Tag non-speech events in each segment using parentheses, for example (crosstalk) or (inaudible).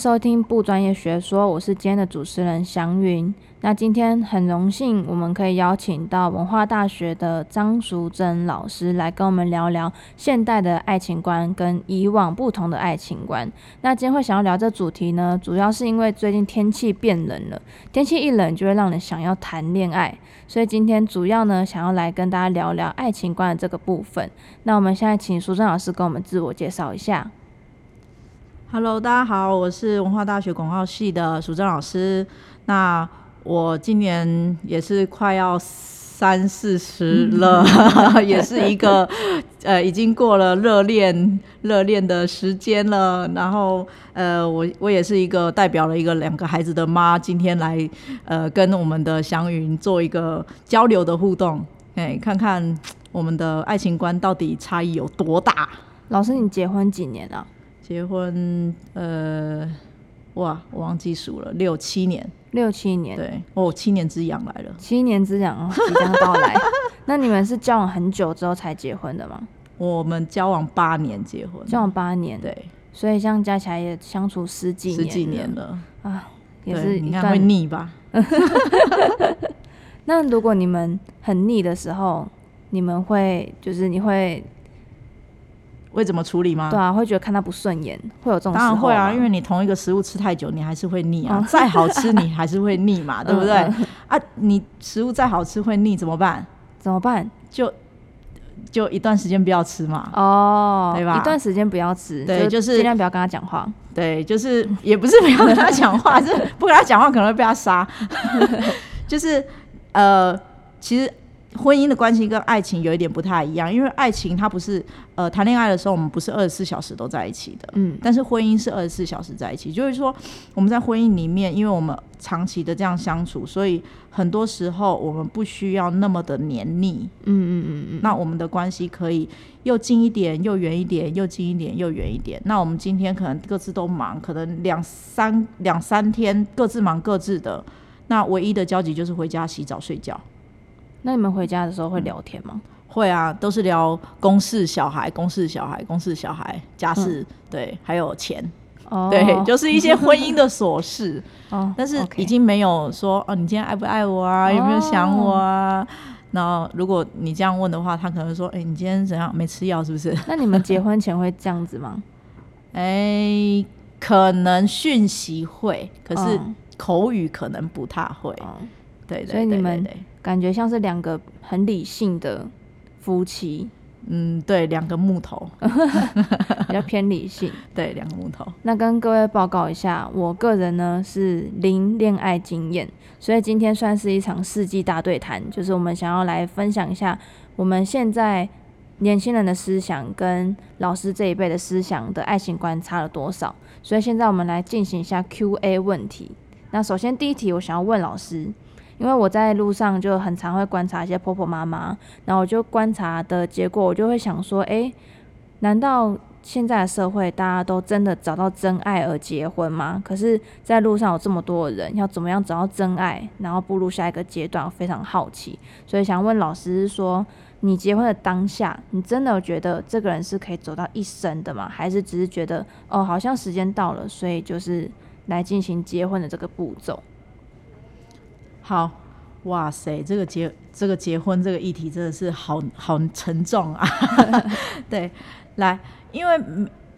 收聽不專業學說，我是今天的主持人詳芸。那今天很榮幸，我們可以邀請到文化大學的張淑楨老師來跟我們聊聊現代的愛情觀跟以往不同的愛情觀。那今天會想要聊這個主題呢，主要是因為最近天氣變冷了，天氣一冷就會讓人想要談戀愛，所以今天主要呢想要來跟大家聊聊愛情觀的這個部分。那我們現在請淑楨老師跟我們自我介紹一下。Hello，大家好，我是文化大學廣告系的淑楨老師。那我今年也是快要三四十了，嗯、 (laughs) 也是一個 (laughs) 呃，已經過了熱戀熱戀的時間了。然後呃，我我也是一個代表了一個兩個孩子的媽，今天來呃跟我們的詳芸做一個交流的互動，哎、欸，看看我們的愛情觀到底差異有多大。老師，你結婚幾年了？結婚，呃，哇，我忘記數了，六七,六七年，六七年，對，哦，七年之癢來了，七年之癢，哦，即將到來。 (laughs) 那你們是交往很久之後才結婚的嗎？我們交往八年結婚，交往八年，對，所以這樣加起來也相處十幾年了，十幾年了啊，也是你看會膩吧？ (laughs) (laughs) 那如果你們很膩的時候，你們會就是你會？會怎麼處理嗎？對啊，會覺得看他不順眼，會有這種嗎？當然會啊，因為你同一個食物吃太久，你還是會膩啊。哦、再好吃，你還是會膩嘛， (laughs) 對不對？嗯嗯、啊，你食物再好吃會膩怎麼辦？怎麼辦？麼辦就就一段時間不要吃嘛。哦，對吧？一段時間不要吃，對，就是盡量不要跟他講話。對，就是也不是不要跟他講話， (laughs) 是不跟他講話可能會被他殺。 (laughs) 就是呃，其實。婚姻的關係跟愛情有一點不太一樣，因為愛情它不是呃談戀愛的時候，我們不是二十四小時都在一起的，嗯，但是婚姻是二十四小時在一起，就是說我們在婚姻裡面，因為我們長期的這樣相處，所以很多時候我們不需要那麼的黏膩，嗯嗯嗯嗯，那我們的關係可以又近一點，又遠一點，又近一點，又遠一點。那我們今天可能各自都忙，可能兩三兩三天各自忙各自的，那唯一的交集就是回家洗澡、睡覺。那你們回家的時候會聊天嗎？嗯、會啊，都是聊公事、小孩、公事、小孩、公事、小孩、家事，嗯、對，還有錢，哦、對，就是一些婚姻的瑣事。哦， (laughs) 但是已經沒有說哦，你今天愛不愛我啊？有沒有想我啊？那、哦、如果你這樣問的話，他可能會說：哎、欸，你今天怎樣？沒吃藥是不是？那你們結婚前會這樣子嗎？哎、 (laughs) 欸，可能訊息會，可是口語可能不太會。哦、對，對，對對，對，對。所以你們感覺像是兩個很理性的夫妻，嗯，對，兩個木頭， (laughs) 比較偏理性， (laughs) 對，兩個木頭。那跟各位報告一下，我個人呢是零戀愛經驗，所以今天算是一場世紀大對談，就是我們想要來分享一下我們現在年輕人的思想跟老師這一輩的思想的愛情觀差了多少。所以現在我們來進行一下 QA 問題。那首先第一題，我想要問老師。因為我在路上就很常會觀察一些婆婆媽媽，然後我就觀察的結果，我就會想說，誒，難道現在的社會大家都真的找到真愛而結婚嗎？可是在路上有這麼多的人，要怎麼樣找到真愛，然後步入下一個階段，我非常好奇，所以想問老師是說，你結婚的當下，你真的覺得這個人是可以走到一生的嗎？還是只是覺得，哦，好像時間到了，所以就是來進行結婚的這個步驟？好，哇塞，這個結這個結婚這個議題真的是好好沉重啊， (laughs) 對，來，因為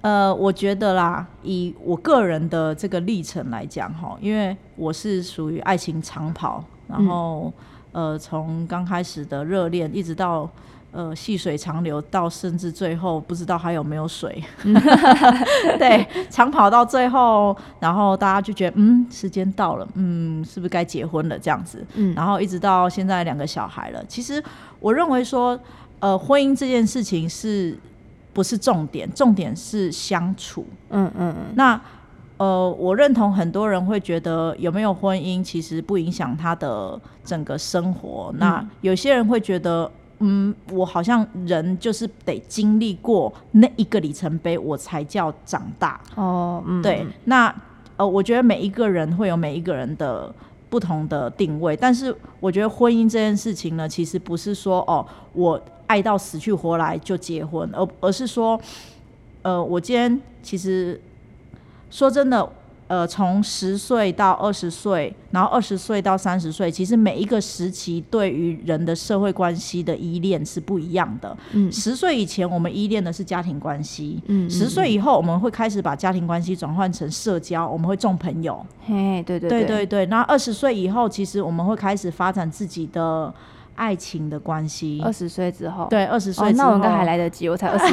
呃，我覺得啦，以我個人的這個歷程來講哈，因為我是屬於愛情長跑，然後、嗯、呃，從剛開始的熱戀一直到。呃，細水長流到甚至最後不知道還有沒有水， (laughs) (laughs) 對，長跑到最後，然後大家就覺得嗯，時間到了，嗯，是不是該結婚了？這樣子，嗯、然後一直到現在兩個小孩了。其實我認為說，呃，婚姻這件事情是，不是重點，重點是相處。嗯嗯嗯。那呃，我認同很多人會覺得有沒有婚姻其實不影響他的整個生活。嗯、那有些人會覺得。嗯，我好像人就是得經歷過那一個里程碑，我才叫長大哦。對，嗯，那呃，我覺得每一個人會有每一個人的不同的定位，但是我覺得婚姻這件事情呢，其實不是說哦，我愛到死去活來就結婚，而而是說，呃，我今天其實說真的。呃，從十歲到二十歲，然後二十歲到三十歲，其實每一個時期對於人的社會關係的依戀是不一樣的。嗯，十歲以前我們依戀的是家庭關係，嗯，嗯，嗯，十歲以後我們會開始把家庭關係轉換成社交，我們會重朋友。對對對對對。那二十歲以後，其實我們會開始發展自己的。愛情的關係，二十歲之後，對，二十歲，那我應該還來得及，我才二十一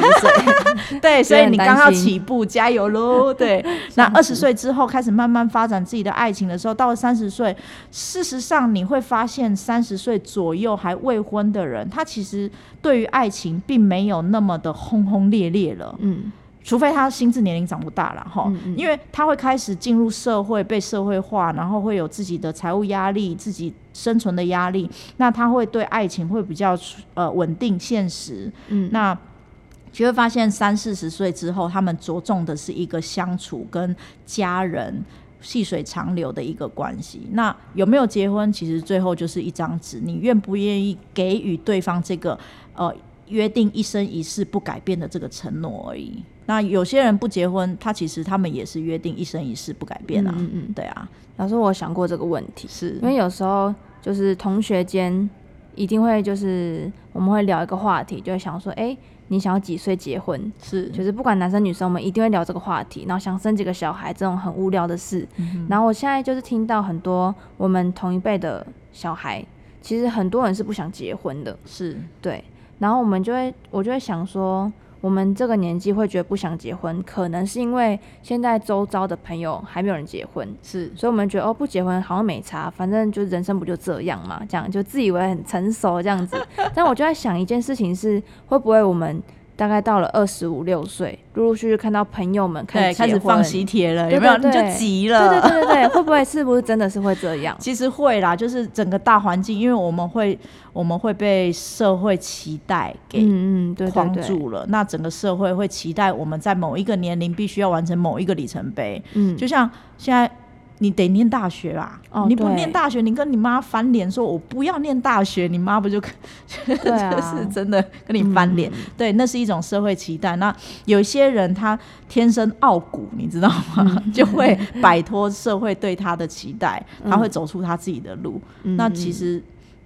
歲， (laughs) (laughs) 對，所以你剛剛起步，加油嘍！對，是那二十歲之後開始慢慢發展自己的愛情的時候，到了三十歲，事實上你會發現，三十歲左右還未婚的人，他其實對於愛情並沒有那麼的轟轟烈烈了，嗯，除非他的心智年齡長不大了哈，嗯嗯，因為他會開始進入社會，被社會化，然後會有自己的財務壓力，自己。生存的壓力，那他會對愛情會比較呃穩定現實。嗯，那就會發現三四十歲之後，他們着重的是一個相處跟家人細水長流的一個關係。那有沒有結婚，其實最後就是一張紙，你願不願意給予對方這個呃。約定一生一世不改變的這個承諾而已。那有些人不結婚，他其實他們也是約定一生一世不改變啊。嗯嗯。對啊。老師，我想過這個問題，是因為有時候就是同學間一定會就是我們會聊一個話題，就會想說，欸，你想要幾歲結婚？是，就是不管男生女生，我們一定會聊這個話題。然後想生幾個小孩這種很無聊的事。嗯哼。然後我現在就是聽到很多我們同一輩的小孩，其實很多人是不想結婚的。是。對。然後我們就會，我就會想說，我們這個年紀會覺得不想結婚，可能是因為現在周遭的朋友還沒有人結婚，是，所以我們覺得哦，不結婚好像沒差，反正就人生不就這樣嘛，這樣就自以為很成熟這樣子。 (laughs) 但我就在想一件事情是，會不會我們？大概到了二十五六歲，陸陸續續看到朋友們開開始放喜帖了，有沒有？對對對，你就急了。對對對對 (laughs) 會不會？是不是真的是會這樣？其實會啦，就是整個大環境，因為我們會我們會被社會期待給嗯嗯，對對對，框住了。那整個社會會期待我們在某一個年齡必須要完成某一個里程碑。嗯，就像現在。你得念大學吧？哦、你不念大學，對你跟你媽翻臉，說我不要念大學，你媽不就可就是真的跟你翻臉？對，啊、對，那是一種社會期待。那有些人他天生傲骨，你知道嗎？嗯、就會擺脫社會對他的期待，嗯、他會走出他自己的路。嗯、那其實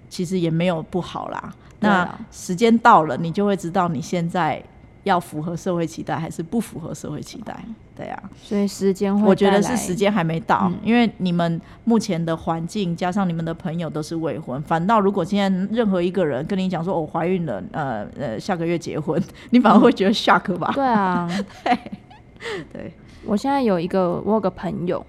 其實也沒有不好啦。那時間到了，你就會知道你現在。要符合社會期待還是不符合社會期待？對呀、啊，所以時間會，我覺得是時間還沒到，嗯，因為你們目前的環境加上你們的朋友都是未婚，反倒如果現在任何一個人跟你講說“我懷孕了，呃呃，下個月結婚”，你反而會覺得 shock 吧？對啊， (laughs) 對，對。我現在有一個我有個朋友，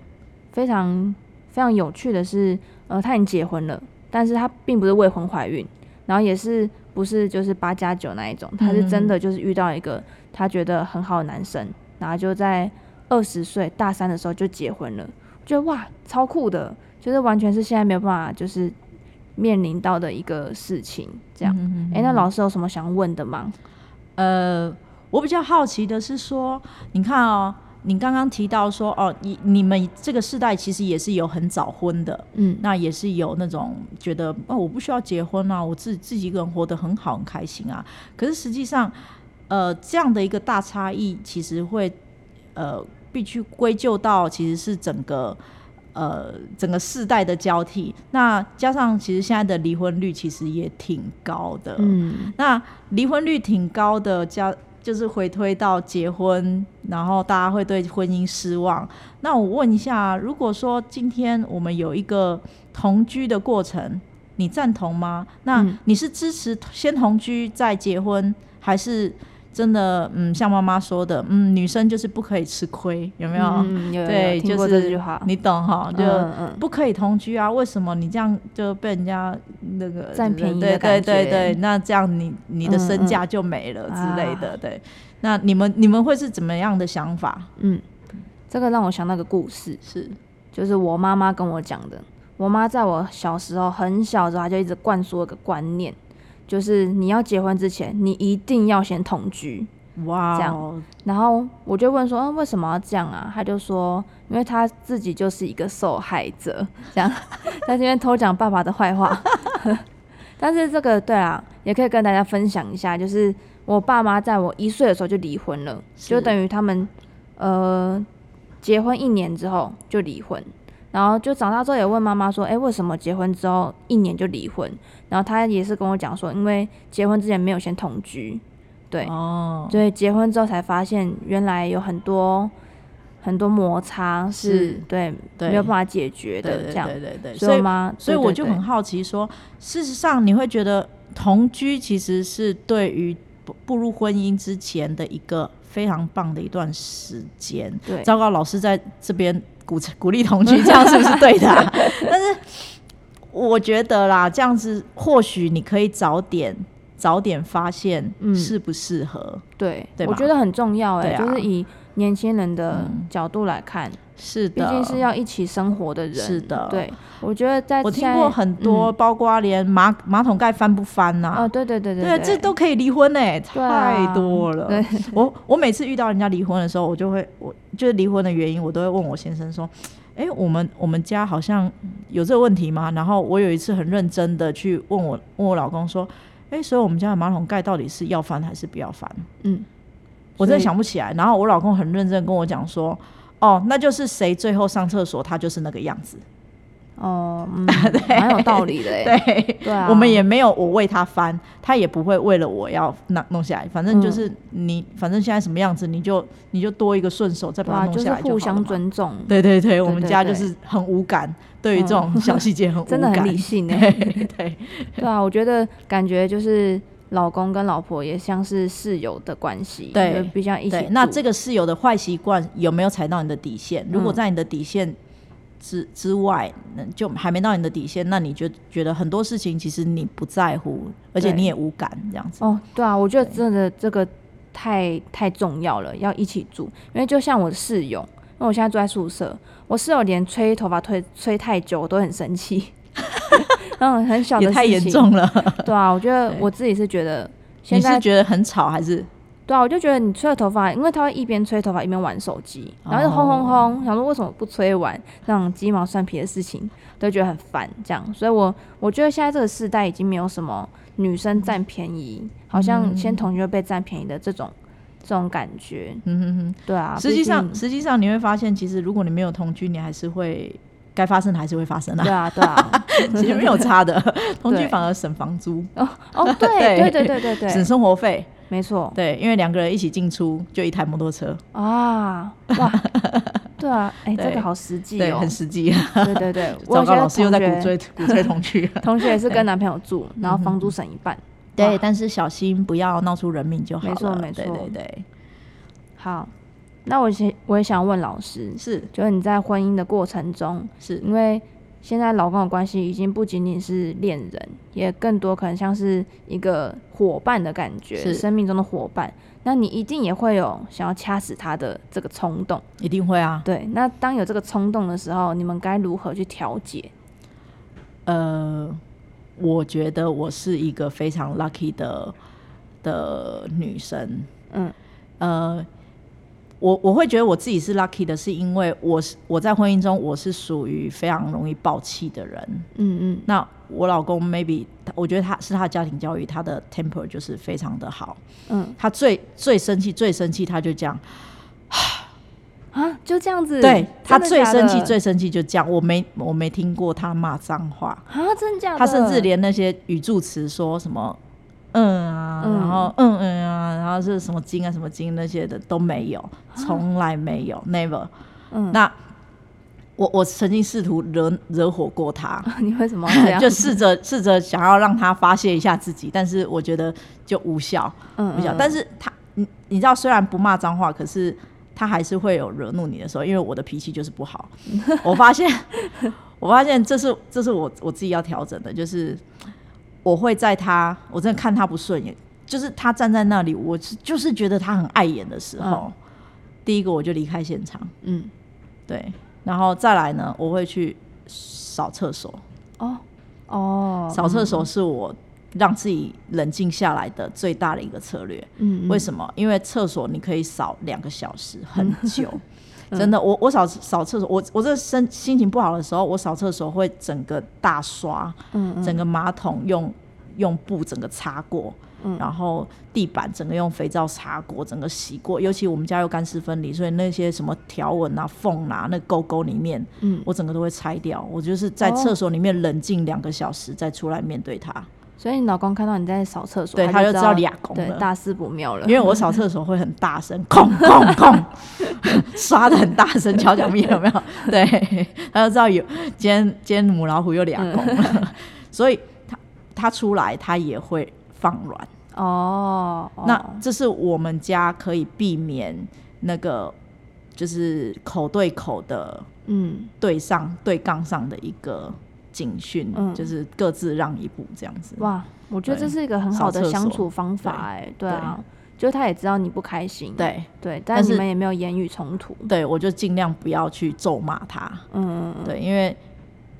非常非常有趣的是，呃，他已經結婚了，但是他並不是未婚懷孕。然後也是不是就是八加九那一種，他是真的就是遇到一個他覺得很好的男生，嗯、哼哼然後就在二十歲大三的時候就結婚了，覺得哇超酷的，就是完全是現在沒有辦法就是面臨到的一個事情，這樣。哎、嗯欸，那老師有什麼想問的嗎？呃，我比較好奇的是說，你看哦。你剛剛提到說，哦，你你們這個世代其實也是有很早婚的，嗯，那也是有那種覺得哦，我不需要結婚啊，我自己自己一個人活得很好，很開心啊。可是實際上，呃，這樣的一個大差異，其實會呃，必須歸咎到其實是整個呃整個世代的交替。那加上其實現在的離婚率其實也挺高的，嗯，那離婚率挺高的加。就是回推到結婚，然後大家會對婚姻失望。那我問一下，如果說今天我們有一個同居的過程，你贊同嗎？那你是支持先同居再結婚，還是？真的，嗯，像媽媽說的，嗯，女生就是不可以吃虧，有沒有？嗯，有，有，有，對，有有就是聽過這句話，你懂哈？就不可以同居啊？為什麼你這樣就被人家那個佔便宜，對對對，對那這樣你你的身價就沒了，嗯嗯，之類的，對。那你們你們會是怎麼樣的想法？嗯，這個讓我想到個故事，是，就是我媽媽跟我講的，我媽在我小時候很小的時候，她就一直灌輸一個觀念。就是你要結婚之前，你一定要先同居，哇，Wow. 這樣。然後我就問說，嗯、啊，為什麼要這樣啊？他就說，因為他自己就是一個受害者，這樣。他今天偷講爸爸的壞話， (laughs) 但是這個對啊，也可以跟大家分享一下，就是我爸媽在我一歲的時候就離婚了，是就等於他們呃結婚一年之後就離婚。然後就長大之後也問媽媽說，哎，為什麼結婚之後一年就離婚？然後她也是跟我講說，因為結婚之前沒有先同居，對，哦、所以結婚之後才發現原來有很多很多摩擦是，是對，對沒有辦法解決的，這樣，對對對。所以嗎？所以我就很好奇說，事實上你會覺得同居其實是對於步入婚姻之前的一個非常棒的一段時間。對，糟糕，老師在這邊。鼓鼓勵同居，這樣是不是對的、啊？ (laughs) 但是我覺得啦，這樣子或許你可以早點早點發現嗯、適不適合，對，對吧我覺得很重要，哎、欸，啊、就是以年輕人的角度來看。嗯是的，畢竟是要一起生活的人。是的，對，我覺得在我聽過很多，嗯、包括連馬馬桶蓋翻不翻吶、啊？哦，對對對對，對，對這都可以離婚呢、欸。啊、太多了。對我我每次遇到人家離婚的時候，我就會，我就是離婚的原因，我都會問我先生說，哎，我們我們家好像有這個問題嗎？然後我有一次很認真的去問我問我老公說，哎，所以我們家的馬桶蓋到底是要翻還是不要翻？嗯，以我真的想不起來。然後我老公很認真跟我講說。哦，那就是誰最後上廁所，他就是那個樣子。哦，嗯蠻 (laughs) 對有道理的。對對，對啊，我們也沒有我為他翻，他也不會為了我要那弄下來。反正就是你，嗯，反正現在什麼樣子，你就你就多一個順手再把它弄下來，對啊就是，互相尊重。對對對，我們家就是很無感，對於這種小細節很無感，嗯、 (laughs) 真的，很理性。哎，對 (laughs) 對啊，我覺得感覺就是。老公跟老婆也像是室友的關係，對，比較一起對。那這個室友的壞習慣有沒有踩到你的底線？嗯，如果在你的底線之之外，就還沒到你的底線，那你就覺得很多事情其實你不在乎，而且你也無感這樣子。對對哦，對啊，我覺得真的這個太太重要了，要一起住。因為就像我室友，因為我現在住在宿舍，我室友連吹頭髮吹吹太久我都很生氣。嗯，很小的事情也太嚴重了。對啊，我覺得我自己是覺得現在，你是覺得很吵還是？對啊，我就覺得你吹了頭髮，因為他會一邊吹頭髮一邊玩手機，哦、然後就轟轟轟，想說為什麼不吹完，那種雞毛蒜皮的事情都覺得很煩，這樣。所以我我覺得現在這個世代已經沒有什麼女生占便宜，好像先同居就被占便宜的這種這種感覺。嗯哼哼，對啊。實際上，實際上你會發現，其實如果你沒有同居，你還是會。該發生的還是會發生的。對啊，對啊，其實沒有差的。同居反而省房租。哦對對對對對對，省生活費。沒錯。對，因為兩個人一起進出，就一台摩托車。啊！哇！對啊，哎，這個好實際，對，很實際。對對對，我剛剛老師又在鼓吹鼓吹同居。同學也是跟男朋友住，然後房租省一半。對，但是小心不要鬧出人命就好。沒錯沒錯對對。好。那我先，我也想問老師，是，就是你在婚姻的過程中，是因為現在老公的關係已經不僅僅是戀人，也更多可能像是一個伙伴的感覺，是生命中的伙伴。那你一定也會有想要掐死他的這個衝動，一定會啊。對，那當有這個衝動的時候，你們該如何去調節？呃，我覺得我是一個非常 lucky 的的女生，嗯，呃。我我會覺得我自己是 lucky 的，是因為我是我在婚姻中我是屬於非常容易爆氣的人，嗯嗯。那我老公 maybe 我覺得他是他的家庭教育，他的 temper 就是非常的好，嗯。他最最生氣最生氣，他就講，啊就這樣子。對，他最生氣最生氣就講，我沒我沒聽過他罵髒話啊，真的假的？他甚至連那些語助詞說什麼。嗯啊，嗯然後嗯嗯啊，然後是什麼金啊什麼金，啊、那些的都沒有，從來沒有、啊、never。嗯、那我我曾經試圖惹惹火過他，你會怎麼樣？ (laughs) 就試着試着想要讓他發洩一下自己，但是我覺得就無效，無效、嗯嗯。但是他你你知道，雖然不罵髒話，可是他還是會有惹怒你的時候，因為我的脾氣就是不好。 (laughs) 我發現，我發現這是這是我我自己要調整的，就是。我會在他，我真的看他不順眼，就是他站在那裡，我就是覺得他很礙眼的時候，嗯、第一個我就離開現場，嗯，對，然後再來呢，我會去掃廁所，哦哦，掃廁所是我讓自己冷靜下來的最大的一個策略，嗯，嗯，為什麼？因為廁所你可以掃兩個小時，很久。嗯嗯真的，我我掃掃廁所，我我這個身心情不好的時候，我掃廁所會整個大刷，嗯，嗯，整個馬桶用用布整個擦過，嗯，然後地板整個用肥皂擦過，整個洗過。尤其我們家有乾濕分離，所以那些什麼條紋啊、縫啊、那溝溝裡面，嗯，我整個都會拆掉。我就是在廁所裡面冷靜兩個小時，再出來面對它。所以你老公看到你在掃廁所，對他就知道倆公了。對，大事不妙了。因為我掃廁所會很大聲，哐哐刷得很大聲，敲腳壁有沒有？對，他就知道有。今天今天母老虎又倆公了， (laughs) 所以他他出來他也會放軟哦。Oh, oh. 那這是我們家可以避免那個就是口對口的，嗯，對上對槓上的一個，警訓就是各自讓一步這樣子。哇，我覺得這是一個很好的相處方法哎。對，就他也知道你不開心，對對，但是你們也沒有言語衝突。對，我就盡量不要去咒罵他。嗯，對，因為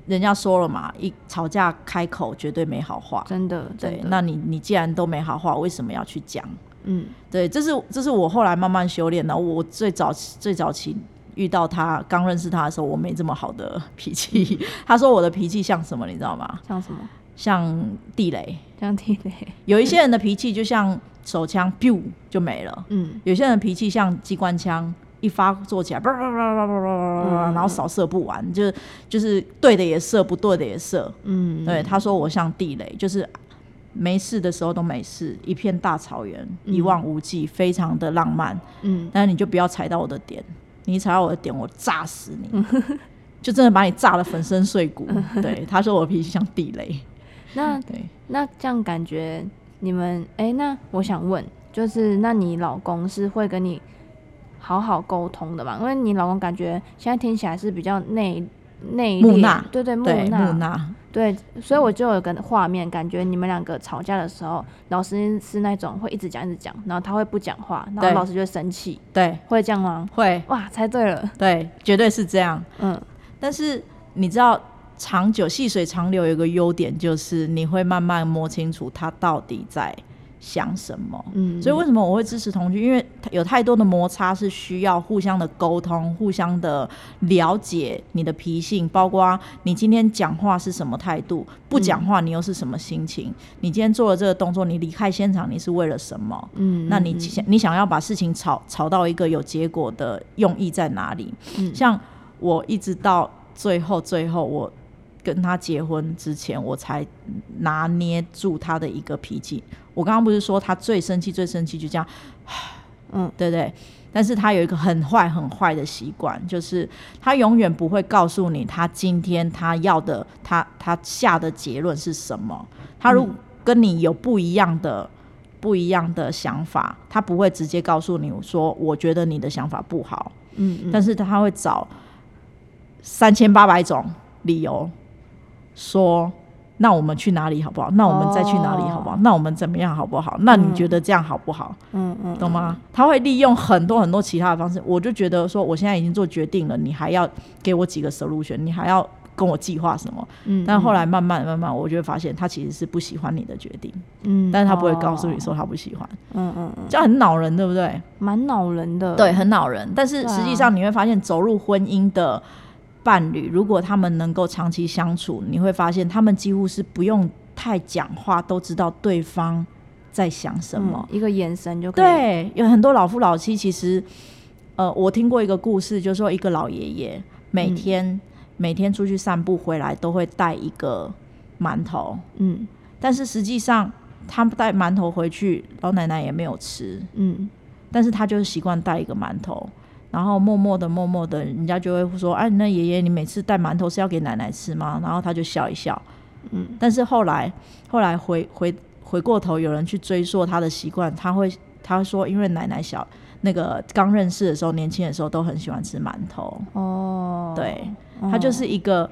人家說了嘛，一吵架開口絕對沒好話。真的。對，那你你既然都沒好話，為什麼要去講？嗯，對，這是這是我後來慢慢修煉的。我最早最早期。遇到他剛認識他的時候，我沒這麼好的脾氣。 (laughs) 他說我的脾氣像什麼，你知道嗎？像什麼？像地雷。像地雷。有一些人的脾氣就像手槍，噗 (laughs) 就沒了。嗯。有些人的脾氣像機關槍，一發做起來，嗯、然後掃射不完，就是就是對的也射，不對的也射。嗯。對，他說我像地雷，就是沒事的時候都沒事，一片大草原，一望無際，嗯、非常的浪漫。嗯。但是你就不要踩到我的點。你踩到我的點，我炸死你， (laughs) 就真的把你炸得粉身碎骨。 (laughs) 對，他說我的脾氣像地雷。 (laughs) 那對，那這樣感覺你們哎、欸，那我想問，就是那你老公是會跟你好好溝通的嘛？因為你老公感覺現在聽起來是比較內。那一木訥，對對，對木訥。對，木訥。對，所以我就有個畫面，感覺你們兩個吵架的時候，老師是那種會一直講一直講，然後他會不講話，然後老師就會生氣，對，會這樣嗎？會，哇，猜對了，對，絕對是這樣，嗯，但是你知道，長久細水長流有個優點就是你會慢慢摸清楚他到底在。想什麼？嗯，所以為什麼我會支持同居？因為有太多的摩擦是需要互相的溝通、互相的了解。你的脾性，包括你今天講話是什麼態度，不講話你又是什麼心情？嗯，你今天做了這個動作，你離開現場，你是為了什麼？嗯，那你想你想要把事情吵吵到一個有結果的用意在哪裡？嗯，像我一直到最後，最後我跟他結婚之前，我才拿捏住他的一個脾氣。我剛剛不是說他最生氣，最生氣就這樣，嗯，對，對對。但是他有一個很壞、很壞的習慣，就是他永遠不會告訴你他今天他要的，他他下的結論是什麼。他如果跟你有不一樣的、嗯、不一樣的想法，他不會直接告訴你說我覺得你的想法不好。嗯，嗯。但是他會找三千八百種理由說。那我們去哪裡好不好？那我們再去哪裡好不好？Oh, 那我們怎麼樣好不好？Um, 那你覺得這樣好不好？嗯嗯，懂嗎？嗯嗯，他會利用很多很多其他的方式，我就覺得說，我現在已經做決定了，你還要給我幾個 solution，你還要跟我計劃什麼？嗯。Um, 但後來慢慢慢慢，我就會發現，他其實是不喜歡你的決定。嗯。Um, 但是他不會告訴你說他不喜歡。嗯嗯嗯。這樣很惱人，對不對？蠻惱人的。對，很惱人。但是實際上你會發現，走入婚姻的。伴侶如果他們能夠長期相處，你會發現他們幾乎是不用太講話，都知道對方在想什麼，嗯、一個眼神就可以。對，有很多老夫老妻，其實，呃，我聽過一個故事，就是、說一個老爺爺每天、嗯、每天出去散步回來都會帶一個饅頭，嗯，但是實際上他不帶饅頭回去，老奶奶也沒有吃，嗯，但是他就是習慣帶一個饅頭。然後默默的默默的，人家就會說：“哎，那爺爺，你每次帶饅頭是要給奶奶吃嗎？”然後他就笑一笑，嗯。但是後來，後來回回回過頭，有人去追溯他的習慣，他會他說：“因為奶奶小，那個剛認識的時候，年輕的時候都很喜歡吃饅頭。”哦，對，他就是一個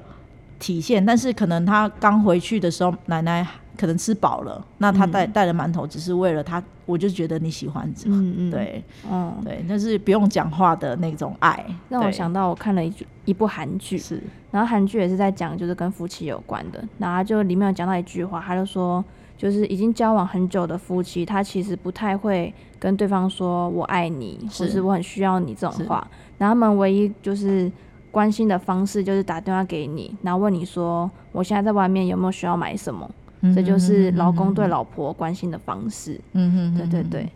體現。哦、但是可能他剛回去的時候，奶奶。可能吃飽了，那他帶帶、嗯、了饅頭，只是為了他，我就覺得你喜歡，嗯嗯對，嗯、對，那是不用講話的那種愛，讓我想到我看了一對一部韓劇，是，然後韓劇也是在講就是跟夫妻有關的，然後他就裡面有講到一句話，他就說，就是已經交往很久的夫妻，他其實不太會跟對方說“我愛你”是或是“我很需要你”這種話，是然後他們唯一就是關心的方式就是打電話給你，然後問你說：“我現在在外面有沒有需要買什麼？”這就是老公對老婆關心的方式。嗯哼嗯哼，對對對，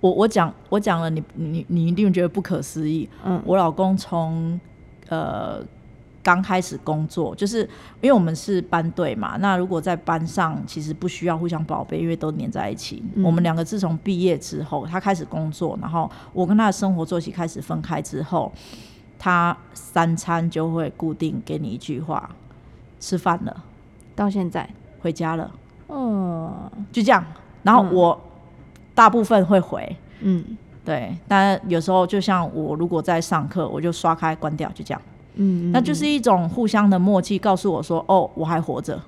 我我講我講了你，你你你一定覺得不可思議。嗯，我老公從呃剛開始工作，就是因為我們是班對嘛，那如果在班上其實不需要互相寶貝，因為都黏在一起。嗯，我們兩個自從畢業之後，他開始工作，然後我跟他的生活作息開始分開之後，他三餐就會固定給你一句話：“吃飯了。”到現在。回家了，嗯，就這樣。然後我大部分會回，嗯，對。但有時候，就像我如果在上課，我就刷開關掉，就這樣。嗯，那就是一種互相的默契，告訴我說，嗯、哦，我還活着。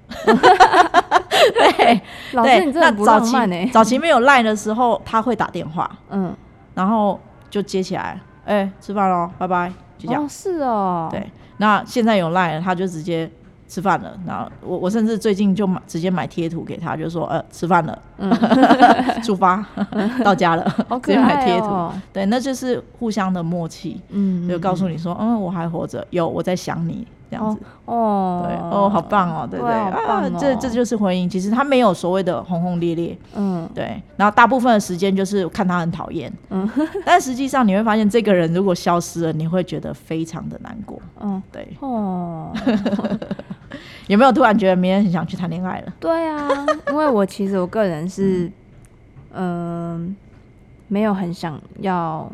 對，老師你、欸，你真的不用 Line 呢。早期沒有 Line 的時候，他會打電話，嗯，然後就接起來，哎、欸，吃飯嘍，拜拜，就這樣。哦是哦，對。那現在有 Line，他就直接。吃飯了，然後我我甚至最近就買直接買貼圖給他，就說呃吃飯了，嗯、 (laughs) 出發 (laughs) 到家了， (laughs) 直接買貼圖，喔、對，那就是互相的默契，嗯，嗯，嗯、就告訴你說，嗯，我還活着，有我在想你。這樣哦，哦對哦，好棒哦，對對，對，對啊、哦、啊，這這就是婚姻。其實他沒有所謂的轟轟烈烈，嗯，對。然後大部分的時間就是看他很討厭，嗯，但實際上你會發現，這個人如果消失了，你會覺得非常的難過，嗯，對。哦， (laughs) 有沒有突然覺得明天很想去談戀愛了？對啊，因為我其實我個人是，嗯、呃，沒有很想要，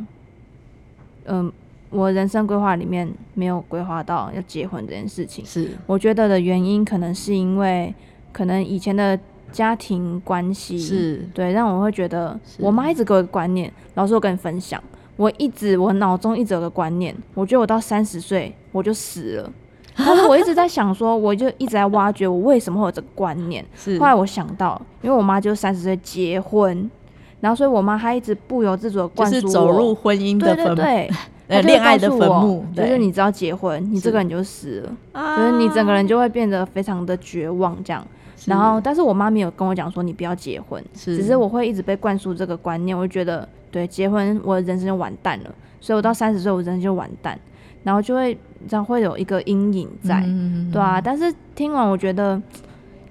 嗯、呃。我人生規劃裡面沒有規劃到要結婚這件事情。是，我覺得的原因可能是因為，可能以前的家庭關係是對，讓我會覺得，是我媽一直給我一個觀念，然後是我跟你分享，我一直我腦中一直有一個觀念，我覺得我到三十歲我就死了。但是我一直在想說， (laughs) 我就一直在挖掘我為什麼會有這個觀念。是，後來我想到，因為我媽就三十歲結婚，然後所以我媽她一直不由自主的灌輸我走入婚姻的墳墓。對對對 (laughs) 呃，嗯，戀愛的墳墓就是，你只要結婚，對你這個人就死了，是，就是你整個人就會變得非常的絕望這樣。是然後，但是我媽沒有跟我講說你不要結婚，是只是我會一直被灌輸這個觀念，我就覺得對結婚，我的人生就完蛋了。所以我到三十歲，我的人生就完蛋，然後就會這樣會有一個陰影在，嗯嗯嗯對啊。但是聽完，我覺得。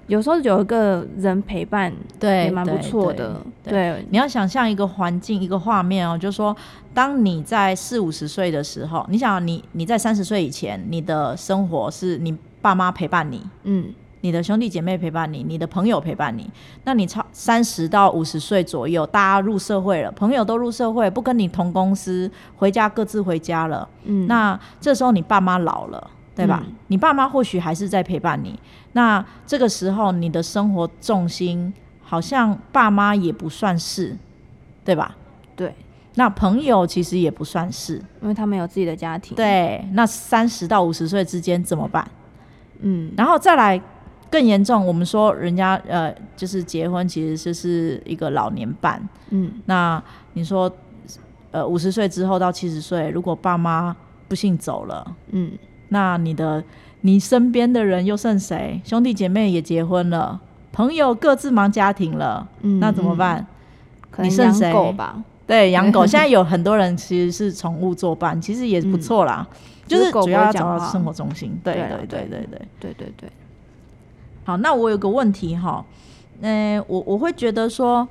有時候有一個人陪伴蠻對，對，蠻不錯的。對，對你要想象一個環境，一個畫面哦、喔，就是說，當你在四五十歲的時候，你想你你在三十歲以前，你的生活是你爸媽陪伴你，嗯，你的兄弟姐妹陪伴你，你的朋友陪伴你。那你超三十到五十歲左右，大家入社會了，朋友都入社會，不跟你同公司，回家各自回家了。嗯，那這時候你爸媽老了。對吧？嗯。你爸媽或許還是在陪伴你，那這個時候你的生活重心好像爸媽也不算是，對吧？對。那朋友其實也不算是，因為他們有自己的家庭。對。那三十到五十歲之間怎麼辦？嗯。然後再來更嚴重，我們說人家呃，就是結婚其實就是一個老年伴。嗯。那你說呃，五十歲之後到七十歲，如果爸媽不幸走了，嗯。那你的，你身邊的人又剩誰？兄弟姐妹也結婚了，朋友各自忙家庭了，嗯，那怎麼辦？可能，你剩誰？養狗吧。對，養狗 (laughs) 現在有很多人其實是寵物作伴，其實也不錯啦。嗯，就是主要要找到生活中心。對對對對對對對對對。對對對對，好，那我有個問題哈，嗯，呃，我我會覺得說。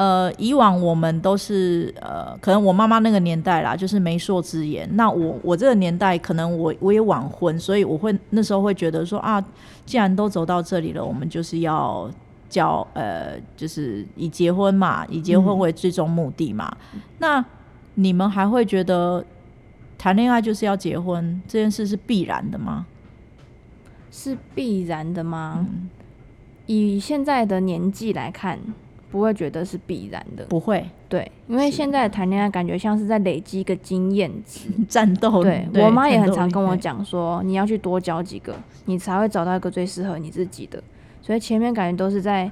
呃，以往我們都是呃，可能我媽媽那個年代啦，就是媒妁之言。那我我這個年代，可能我我也晚婚，所以我會那時候會覺得說啊，既然都走到這裡了，我們就是要叫呃，就是以結婚嘛，以結婚為最終目的嘛。嗯、那你們還會覺得談戀愛就是要結婚這件事是必然的嗎？是必然的嗎？嗯、以現在的年紀來看？不會覺得是必然的，不會。對，因為現在談戀愛感覺像是在累積一個經驗值戰鬥。對，對我媽也很常跟我講說，斗你要去多交幾個，對你才會找到一個最適合你自己的。所以前面感覺都是在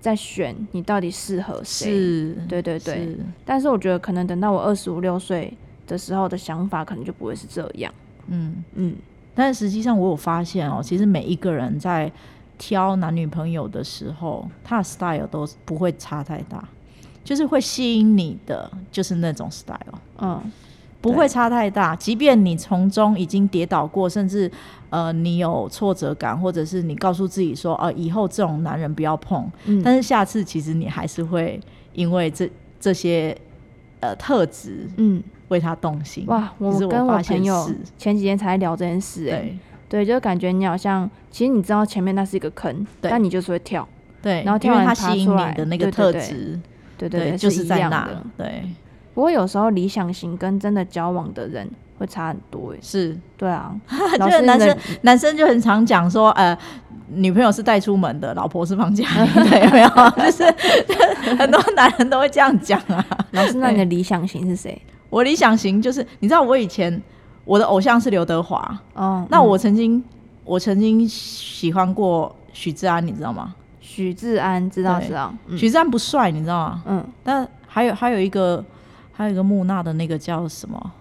在選你到底適合誰。是，對對對。是，但是我覺得可能等到我二十五六歲的時候的想法，可能就不會是這樣。嗯嗯。嗯，但是實際上我有發現哦，其實每一個人在。挑男女朋友的時候，他的 style 都不會差太大，就是會吸引你的，就是那種 style，嗯，嗯，不會差太大。對即便你從中已經跌倒過，甚至呃，你有挫折感，或者是你告訴自己說，呃，以後這種男人不要碰，嗯、但是下次其實你還是會因為這這些呃特質，嗯，為他動心、嗯。哇，我跟我朋友前幾天才聊這件事，哎。對，就感覺你好像，其實你知道前面那是一個坑，但你就是會跳，對，然後跳完它吸引你的那個特質，對對，就是這樣的，對。不過有時候理想型跟真的交往的人會差很多，誒，是，對啊，就男生男生就很常講說，呃，女朋友是帶出門的，老婆是放假的。對，沒有？就是很多男人都會這樣講啊。老師，那你的理想型是誰？我理想型就是，你知道我以前。我的偶像是劉德華。哦，那我曾經，我曾經喜歡過許志安，你知道嗎？許志安知道知道，許志安不帥，你知道嗎？嗯，但還有還有一個還有一個木訥的那個叫什麼？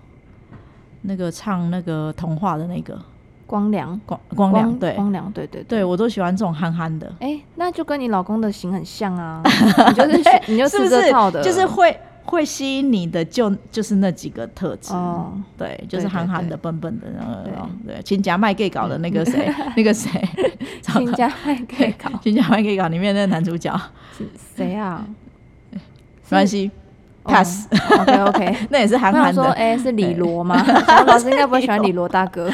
那個唱那個童話的那個光良，光光良，對，光良，對對對，對我都喜歡這種憨憨的。欸，那就跟你老公的型很像啊，你就是你就是不是就是會。會吸引你的就就是那幾個特質，對，就是憨憨的、笨笨的，那個對《金甲麥 gay 搞》的那個誰，那個誰，《金甲麥 gay 搞》《金甲麥 gay 搞》裡面那個男主角是誰啊？沒關係 pass，OK，OK 那也是憨憨的。哎，是李羅嗎？老師應該不會喜歡李羅大哥。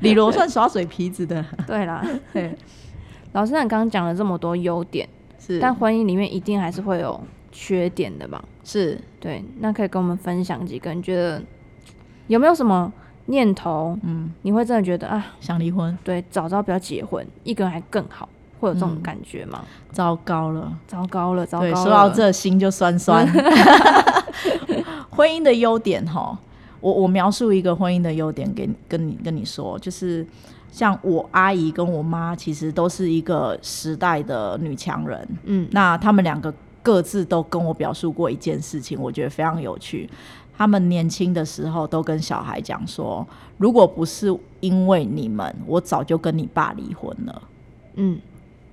李羅算耍嘴皮子的。對啦，對，老師，那你剛剛講了這麼多優點，是，但婚姻裡面一定還是會有缺點的吧？是對，那可以跟我們分享幾個？你覺得有沒有什麼念頭？嗯，你會真的覺得啊，想離婚？對，早知道不要結婚，一個人還更好，會有這種感覺嗎？嗯，糟糕了，糟糕了，糟糕了！說到這，心就酸酸。婚姻的優點哦，哈，我我描述一個婚姻的優點給跟你跟你說，就是像我阿姨跟我媽，其實都是一個時代的女強人，嗯，那他們兩個。各自都跟我表述過一件事情，我覺得非常有趣。他們年輕的時候都跟小孩講說：“如果不是因為你們，我早就跟你爸離婚了。”嗯，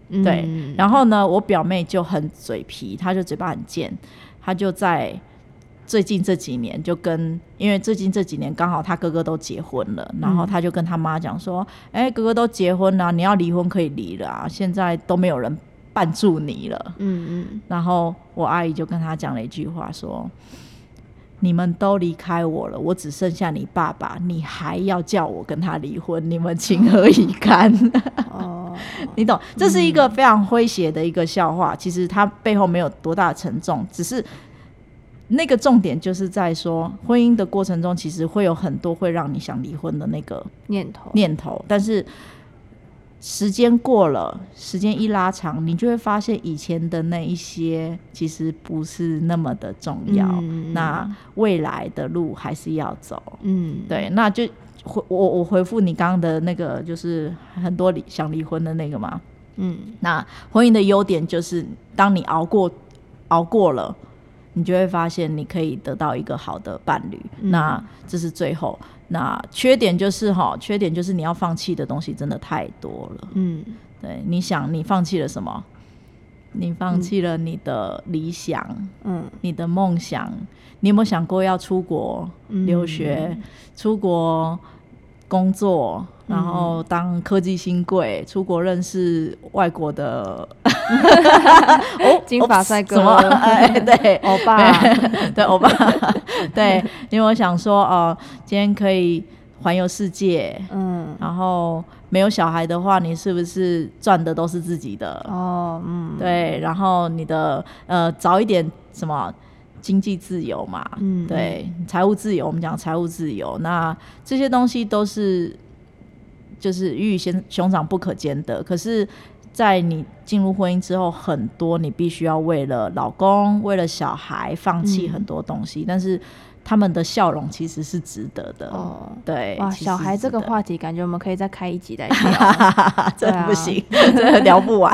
嗯，對。然後呢，我表妹就很嘴皮，她就嘴巴很賤，她就在最近這幾年就跟，因為最近這幾年剛好她哥哥都結婚了，然後她就跟他媽講說：“誒，嗯，欸，哥哥都結婚了，你要離婚可以離了啊，現在都沒有人。”絆住你了，嗯嗯，然後我阿姨就跟他講了一句話，說：“你們都離開我了，我只剩下你爸爸，你還要叫我跟他離婚，你們情何以堪？”哦， (laughs) 哦你懂，嗯、這是一個非常詼諧的一個笑話。其實它背後沒有多大的沉重，只是那個重點就是在說，婚姻的過程中，其實會有很多會讓你想離婚的那個念頭，念頭，但是。時間過了，時間一拉長，你就會發現以前的那一些其實不是那麼的重要。嗯、那未來的路還是要走。嗯，對，那就回我，我回復你剛剛的那個，就是很多想離婚的那個嘛。嗯，那婚姻的優點就是，當你熬過，熬過了，你就會發現你可以得到一個好的伴侶。嗯、那這是最後。那缺點就是哈，缺點就是你要放棄的東西真的太多了。嗯，對，你想你放棄了什麼？你放棄了你的理想，嗯，你的夢想，你有沒有想過要出國留學？嗯、出國？工作，然後當科技新貴，嗯、出國認識外國的 (laughs) 哦，金髮帥哥，哎，對，歐巴爸，對歐巴，歐 (laughs) 對，因為我想說哦、呃，今天可以環遊世界，嗯，然後沒有小孩的話，你是不是賺的都是自己的？哦，嗯，對，然後你的呃，早一點什麼？經濟自由嘛，嗯、對，財務自由，我們講財務自由，那這些東西都是就是魚與熊掌不可兼得。可是，在你進入婚姻之後，很多你必須要為了老公、為了小孩放棄很多東西，嗯、但是。他們的笑容其實是值得的，對哇！小孩這個話題，感覺我們可以再開一集來聊，真不行，真的聊不完。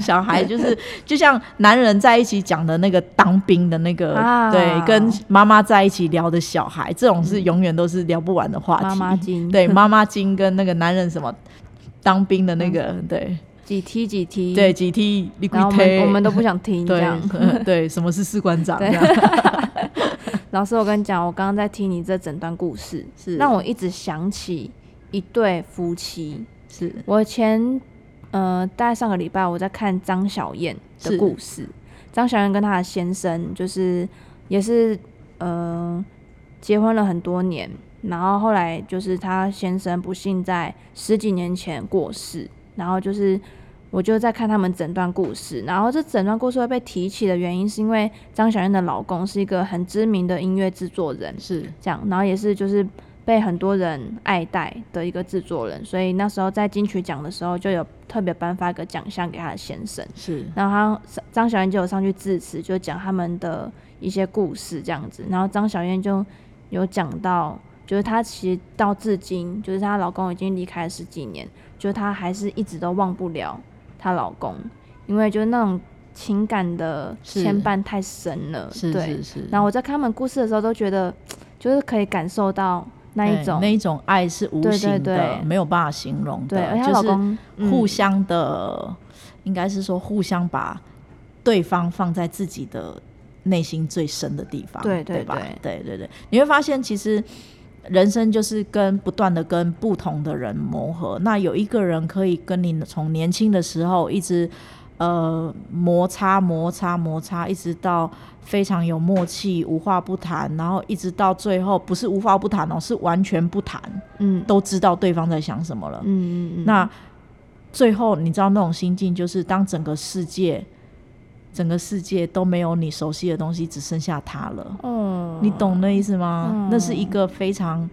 小孩就是，就像男人在一起講的那個當兵的那個，對，跟媽媽在一起聊的小孩，這種是永遠都是聊不完的話題。媽媽經，對媽媽經跟那個男人什麼當兵的那個，對，幾梯幾梯，對幾梯，然後我們我們都不想聽，這樣對，什麼是士官長這樣。老師，我跟你講，我剛剛在聽你這整段故事，是讓我一直想起一對夫妻。是，我前，呃，大概上個禮拜我在看張小燕的故事，是，張小燕跟她的先生就是也是，呃，結婚了很多年，然後後來就是她先生不幸在十幾年前過世，然後就是。我就在看他們整段故事，然後這整段故事會被提起的原因，是因為張小燕的老公是一個很知名的音樂制作人，是這樣，然後也是就是被很多人愛戴的一個制作人，所以那時候在金曲獎的時候，就有特別頒發一個獎項給他的先生，是，然後他張小燕就有上去致辭，就講他們的一些故事這樣子，然後張小燕就有講到，就是她其實到至今，就是她老公已經離開了十幾年，就是她還是一直都忘不了。她老公，因為就是那種情感的牽絆太深了，是，是，是，是，然後我在看他們故事的時候，都覺得就是可以感受到那一種，那一種愛是無形的，對對對，沒有辦法形容的。對，而且她老公就是互相的，嗯、應該是說互相把對方放在自己的內心最深的地方，對對，對，對吧？對對對，你會發現其實。人生就是跟不斷的跟不同的人磨合，那有一個人可以跟你從年輕的時候一直，呃，摩擦摩擦摩擦，一直到非常有默契，無話不談，然後一直到最後不是無話不談哦，是完全不談，嗯，都知道對方在想什麼了，嗯嗯嗯，嗯嗯那最後你知道那種心境，就是當整個世界。整個世界都沒有你熟悉的東西，只剩下他了。嗯，oh, 你懂那意思嗎？Oh. 那是一個非常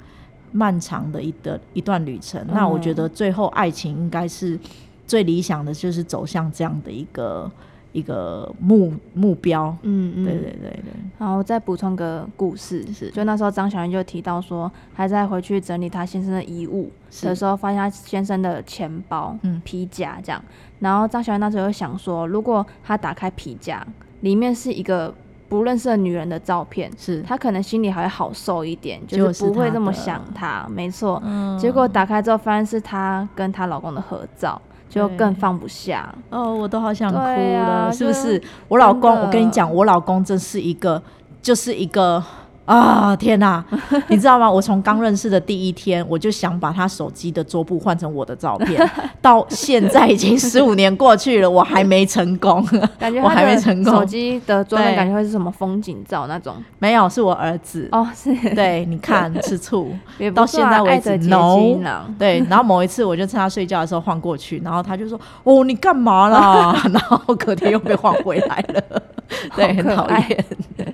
漫長的一個一段旅程。那我覺得最後愛情應該是最理想的就是走向這樣的一個。一個目目標，嗯，嗯，對對對對，然後再補充個故事，是，就那時候張小燕就提到說，還在回去整理她先生的遺物是的時候，發現她先生的錢包、嗯、皮夾這樣，然後張小燕那時候就想說，如果她打開皮夾，裡面是一個不認識的女人的照片，是，她可能心裡還會好受一點，就是不會這麼想他，他沒錯錯，嗯，結果打開之後，發現是她跟她老公的合照。就更放不下對哦，我都好想哭了，啊、是不是？我老公，的我跟你講，我老公真是一個，就是一個。啊天哪，你知道嗎？我從剛認識的第一天，我就想把他手機的桌布換成我的照片，到現在已經十五年過去了，我還沒成功，感覺我還沒成功。手機的桌布感覺會是什麼風景照那種？沒有，是我兒子。哦，是。對，你看，吃醋。到現在為止，no。對，然後某一次，我就趁他睡覺的時候換過去，然後他就說：“哦，你幹嘛啦？”然後隔天又被換回來了。對，很討厭。對，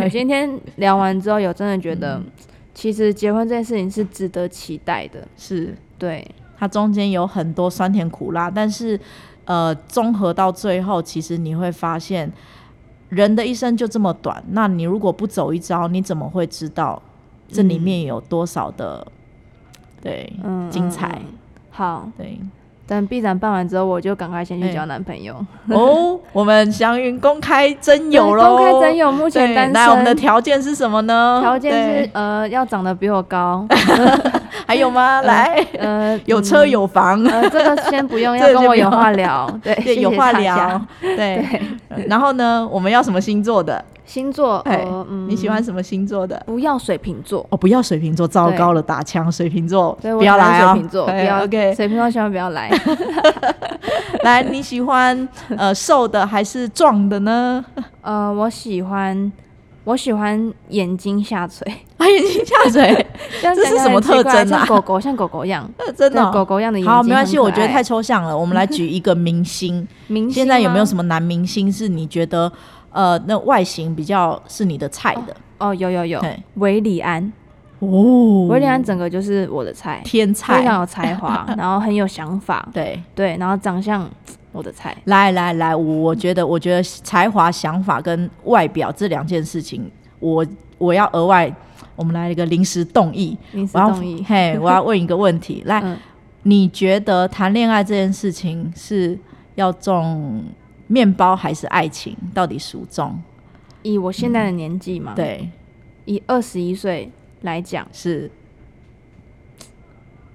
有，今天聊完。之後有真的覺得，嗯、其實結婚這件事情是值得期待的。是，對，它中間有很多酸甜苦辣，但是，呃，綜合到最後，其實你會發現，人的一生就這麼短。那你如果不走一遭，你怎麼會知道這裡面有多少的、嗯、對、嗯、精彩？嗯、好，對。等畢展辦完之後，我就趕快先去交男朋友、欸、 (laughs) 哦。我們詳芸公開徵友咯。公開徵友，目前單身。來，我們的條件是什麼呢？條件是對呃，要長得比我高。 (laughs) (laughs) 還有嗎？來，呃，有車有房，這個先不用，要跟我有話聊，對，有話聊，對。然後呢，我們要什麼星座的？星座，嗯，你喜歡什麼星座的？不要水瓶座，哦，不要水瓶座，糟糕了，打槍，水瓶座不要來，水瓶座不要，OK，水瓶座千萬不要來。來，你喜歡呃瘦的還是壯的呢？呃，我喜歡。我喜歡眼睛下垂，啊，眼睛下垂，這是什麼特徵啊？狗狗像狗狗一樣，真的狗狗一樣的眼睛。好，沒關係，我覺得太抽象了。我們來舉一個明星，明星現在有沒有什麼男明星是你覺得，呃，那外形比較是你的菜的？哦，有有有，韋禮安，哦，韋禮安整個就是我的菜，天菜。非常有才華，然後很有想法，對對，然後長相。我的菜，來來來，我我覺得，我覺得才華、想法跟外表這兩件事情，我我要額外，我們來一個臨時動議，臨時動議，嘿，我要問一個問題， (laughs) 來，嗯、你覺得談戀愛這件事情是要種麵包還是愛情，到底孰重？以我現在的年紀嘛、嗯，對，以二十一歲來講是。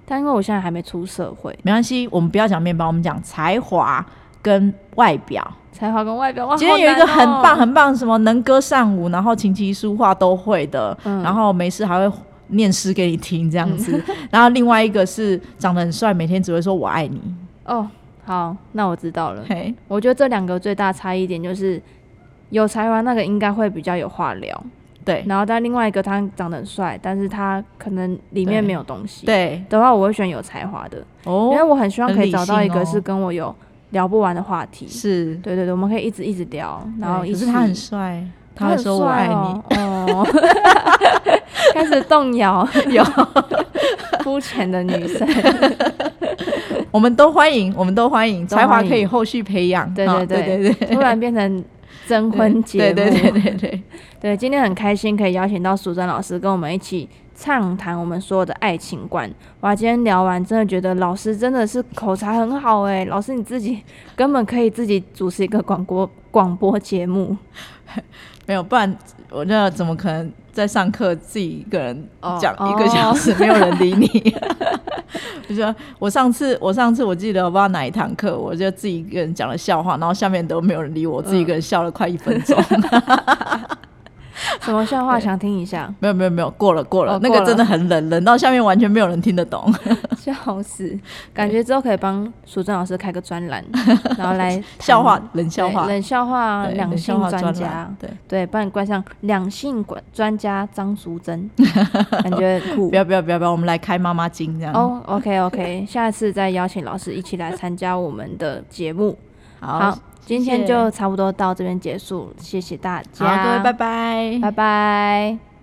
但因為我現在還沒出社會，沒關係。我們不要講面包，我們講才華跟外表。才華跟外表，哇，今天有一個很棒，喔、很棒，什麼能歌善舞，然後琴棋書畫都會的，嗯、然後沒事還會念詩給你聽這樣子。嗯、 (laughs) 然後另外一個是長得很帥，每天只會說我愛你。哦，oh, 好，那我知道了。Hey. 我覺得這兩個最大差異點就是有才華那個應該會比較有話聊。對，然後但另外一個他長得很帥，但是他可能裡面沒有東西。對的話，我會選有才華的，因為我很希望可以找到一個是跟我有聊不完的話題。是對對對，我們可以一直一直聊，然後可是他很帥，他還說我愛你，開始動搖，有膚淺的女生，我們都歡迎，我們都歡迎，才華可以後續培養。對對對對，突然變成。徵婚節目。對，對對對對對，對，今天很開心可以邀請到淑楨老師跟我們一起暢談我們所有的愛情觀。哇，今天聊完真的覺得老師真的是口才很好哎，老師你自己根本可以自己主持一個廣播廣播節目， (laughs) 沒有不然。我那怎麼可能在上課自己一個人講一個小時，沒有人理你？就說我上次，我上次我記得我不知道哪一堂課，我就自己一個人講了笑話，然後下面都沒有人理我，我自己一個人笑了快一分鐘。 (laughs) 什麼笑話想聽一下？沒有沒有沒有，過了過了，那個真的很冷，冷到下面完全沒有人聽得懂，笑死！感覺之後可以幫淑楨老師開個專欄，然後來笑話冷笑話，冷笑話兩性專家，對對，幫你冠上兩性管專家張淑楨，感覺很酷。不要不要不要不要，我們來開媽媽經這樣。哦，OK OK，下次再邀請老師一起來參加我們的節目，好。今天就差不多到這邊結束，是謝謝大家，好，各位拜拜，拜拜。